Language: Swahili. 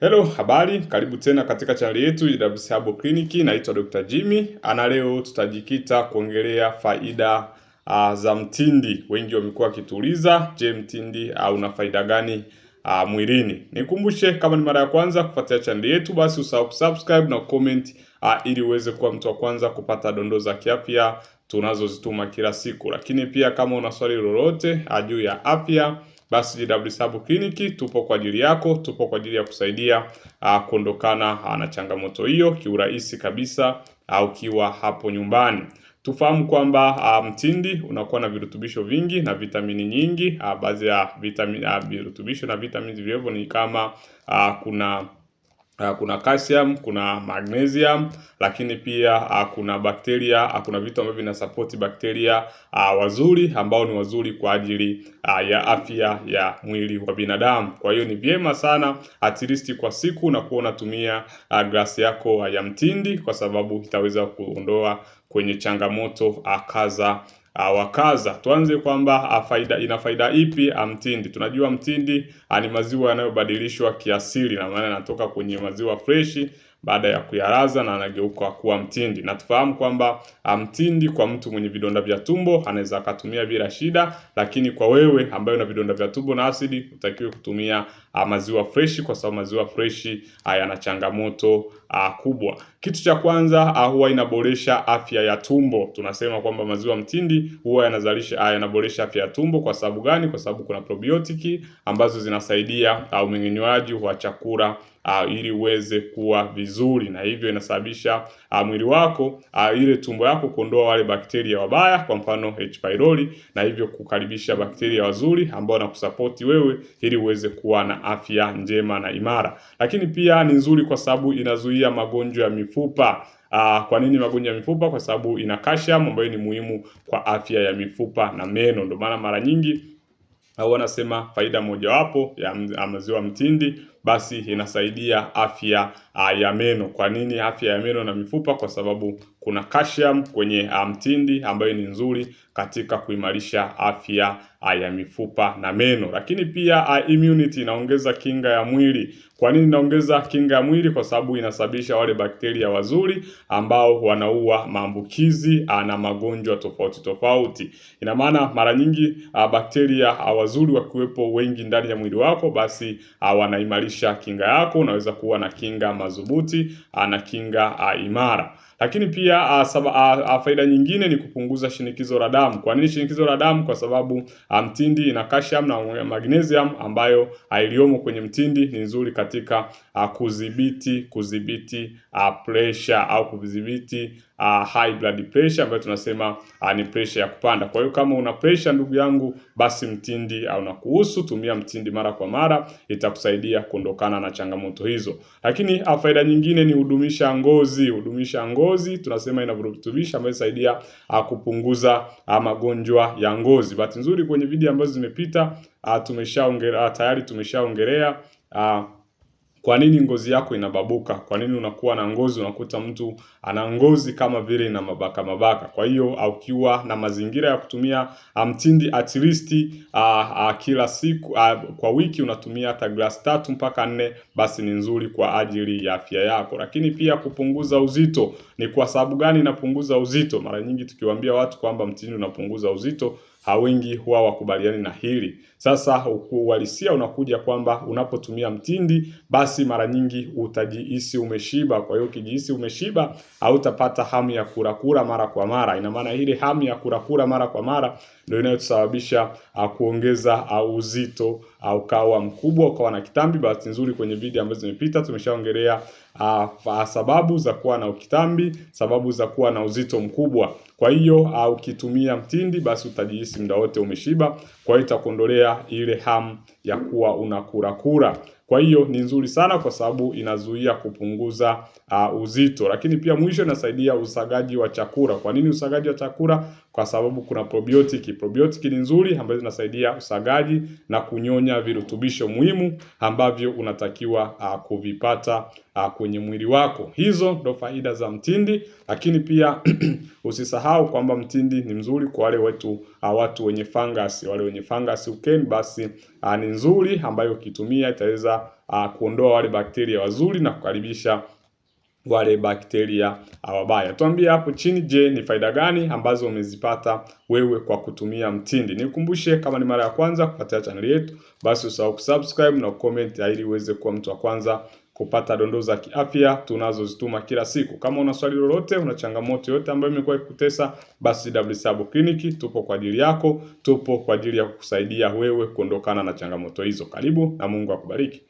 Hello, habari, karibu tena katika chaneli yetu e WC Herbal Clinic. Naitwa Dr. Jimmy ana, leo tutajikita kuongelea faida uh, za mtindi. Wengi wamekuwa wakituuliza, je, mtindi uh, una faida gani uh, mwilini? Nikumbushe, kama ni mara ya kwanza kufuatia chaneli yetu, basi usahau subscribe na comment uh, ili uweze kuwa mtu wa kwanza kupata dondoo za kiafya tunazozituma kila siku, lakini pia kama una swali lolote juu ya afya basi JW Sabu Clinic tupo kwa ajili yako, tupo kwa ajili ya kusaidia ah, kuondokana ah, na changamoto hiyo kiurahisi kabisa ah, ukiwa hapo nyumbani. Tufahamu kwamba mtindi unakuwa na virutubisho vingi na vitamini nyingi. Baadhi ya vitamini, virutubisho na vitamini vilivyopo ni kama uh, kuna Uh, kuna calcium, kuna magnesium lakini pia uh, kuna bakteria uh, eh, kuna vitu ambavyo vinasapoti bakteria uh, wazuri ambao ni wazuri kwa ajili uh, ya afya ya mwili wa binadamu. Kwa hiyo ni vyema sana at least kwa siku na kuwa unatumia uh, glasi yako uh, ya mtindi kwa sababu itaweza kuondoa kwenye changamoto uh, kaza Ah, wakaza tuanze kwamba ah, faida ina faida ipi ah, mtindi. Tunajua mtindi ni maziwa yanayobadilishwa kiasili, na maana yanatoka kwenye maziwa freshi baada ya kuyaraza na anageuka kuwa mtindi, na tufahamu kwamba mtindi kwa mtu mwenye vidonda vya tumbo anaweza akatumia bila shida, lakini kwa wewe ambaye una vidonda vya tumbo na asidi, utakiwe kutumia maziwa freshi, kwa sababu maziwa freshi yana changamoto uh, kubwa. Kitu cha kwanza uh, huwa inaboresha afya ya tumbo. Tunasema kwamba maziwa mtindi huwa yanazalisha uh, yanaboresha afya ya tumbo. Kwa sababu gani? Kwa sababu kuna probiotiki ambazo zinasaidia uh, umeng'enywaji wa chakula Uh, ili uweze kuwa vizuri na hivyo inasababisha uh, mwili wako uh, ile tumbo yako kuondoa wale bakteria wabaya, kwa mfano H pylori, na hivyo kukaribisha bakteria wazuri ambao wanakusapoti wewe ili uweze kuwa na afya njema na imara. Lakini pia ni nzuri kwa sababu inazuia kuzuia magonjwa ya mifupa. Uh, kwa nini magonjwa ya mifupa? Kwa sababu ina calcium ambayo ni muhimu kwa afya ya mifupa na meno. Ndio maana mara nyingi au wanasema faida mojawapo ya maziwa mtindi basi inasaidia afya ah, ya meno. Kwa nini afya ya meno na mifupa? Kwa sababu kuna calcium kwenye ah, mtindi ambayo ni nzuri katika kuimarisha afya ah, ya mifupa na meno. Lakini pia immunity inaongeza kinga ya mwili. Kwa nini inaongeza kinga ya mwili? Kwa sababu inasababisha wale bakteria wazuri ambao wanaua maambukizi na magonjwa tofauti tofauti. Ina maana mara nyingi bakteria wazuri wakiwepo wengi ndani ya mwili wako, basi wanaimarisha kuimarisha kinga yako. Unaweza kuwa na kinga madhubuti ah, na kinga ah, imara. Lakini pia a, ah, saba, a, a, faida nyingine ni kupunguza shinikizo la damu. Kwa nini shinikizo la damu? Kwa sababu a, mtindi ina calcium na magnesium ambayo iliyomo kwenye mtindi ni nzuri katika kudhibiti kudhibiti pressure au kudhibiti uh, high blood pressure ambayo tunasema uh, ni pressure ya kupanda. Kwa hiyo kama una pressure ndugu yangu, basi mtindi uh, ah, nakuhusu Tumia mtindi mara kwa mara, itakusaidia kuondokana na changamoto hizo. Lakini uh, faida nyingine ni hudumisha ngozi. Hudumisha ngozi tunasema ina virutubisho ambayo inasaidia uh, kupunguza uh, magonjwa ya ngozi. Bahati nzuri kwenye video ambazo zimepita uh, tumeshaongelea uh, tayari tumeshaongelea uh, kwa nini ngozi yako inababuka? Kwa nini unakuwa na ngozi, unakuta mtu ana ngozi kama vile ina mabaka mabaka? Kwa hiyo ukiwa na mazingira ya kutumia ah, mtindi at least ah, ah, kila siku uh, kwa wiki unatumia hata glass tatu mpaka nne, basi ni nzuri kwa ajili ya afya yako. Lakini pia kupunguza uzito, ni kwa sababu gani inapunguza uzito? Mara nyingi tukiwaambia watu kwamba mtindi unapunguza uzito wengi huwa wakubaliani na hili. Sasa uhalisia unakuja kwamba unapotumia mtindi, basi mara nyingi utajihisi umeshiba. Kwa hiyo ukijihisi umeshiba, hautapata hamu ya kurakura mara kwa mara. Ina maana hili hamu ya kurakura mara kwa mara ndio inayotusababisha ah, kuongeza ah, uzito ah, ukawa mkubwa, ukawa na kitambi. Bahati nzuri kwenye video ambazo zimepita tumeshaongelea Ah, sababu za kuwa na ukitambi, sababu za kuwa na uzito mkubwa. Kwa hiyo ah, ukitumia mtindi basi utajihisi muda wote umeshiba, kwa hiyo itakuondolea ile hamu ya kuwa kura. Kwa hiyo ni nzuri sana kwa sababu inazuia kupunguza uh, uzito, lakini pia mwisho inasaidia usagaji wa chakula. Kwa nini usagaji wa chakula? Kwa sababu kuna probiotic. Probiotic ni nzuri ambazo zinasaidia usagaji na kunyonya virutubisho muhimu ambavyo unatakiwa uh, kuvipata uh, kwenye mwili wako. Hizo ndo faida za mtindi, lakini pia usisahau kwamba mtindi ni mzuri kwa wale wetu uh, watu wenye fangasi. Wale wenye fangasi ukeni basi uh, ni nzuri ambayo ukitumia itaweza uh, kuondoa wale bakteria wazuri na kukaribisha wale bakteria ah, wabaya. Tuambie hapo chini, je, ni faida gani ambazo umezipata wewe kwa kutumia mtindi? Nikukumbushe, kama ni mara ya kwanza kufuatilia chaneli yetu, basi usahau kusubscribe na comment ili uweze kuwa mtu wa kwanza kupata dondoo za kiafya tunazozituma kila siku. Kama una swali lolote, una changamoto yote ambayo imekuwa ikutesa basi Sabu Clinic tupo kwa ajili yako, tupo kwa ajili ya kukusaidia wewe kuondokana na changamoto hizo. Karibu na Mungu akubariki.